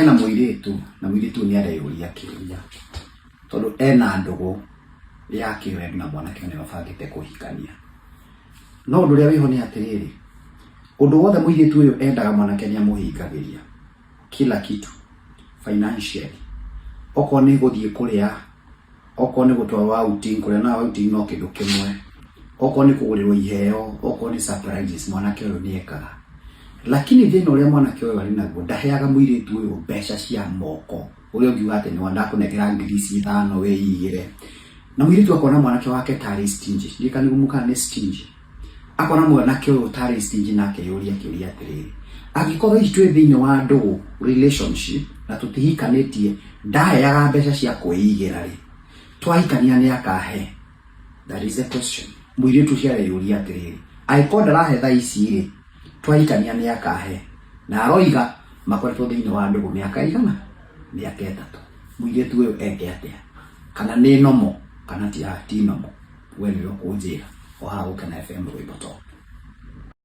hena muiritu na muiritu ni areyuria kiria tondu ena ndugu ya kiweru na mwanake ni mabangite kuhikania no undu uria wiho ni atiriri undu wothe muiritu uyu endaga mwanake ni amuhingagiria kila kitu financially oko ni guthie kuria oko ni gutwa wa outing kuria na outing no kindu kimwe oko ni kugurirwa iheo oko ni surprises mwanake uyu ni ekaga lakini thina uria mwanake uyu ari naguo ndaheaga muiritu uyu mbeca cia moko uria ungiuga ati ni ndakunengera ngiri ici ithano wiigire na muiritu akona mwanake wake tari stingy ndikani gumuka ni stingy akona mwanake uyu tari stingy nake yuria kiuria atiriri angikorwo itwe thiini wa ndugu relationship na tutihikanitie ndaheaga mbeca cia kwiigira ri twahikania ni akahe that is the question tu muiritu ciareyuria atiriri angikorwo ndarahe thaa ici ri twaitania mĩaka he na aroiga makoretwo thĩinĩ wa ndũgũ mĩaka igana mĩaka ĩtatũ mũirĩtu ũyũ eke atia kana ni nomo kana ti nomo we nĩwe ũkũnjĩra o haha FM rwĩmbo to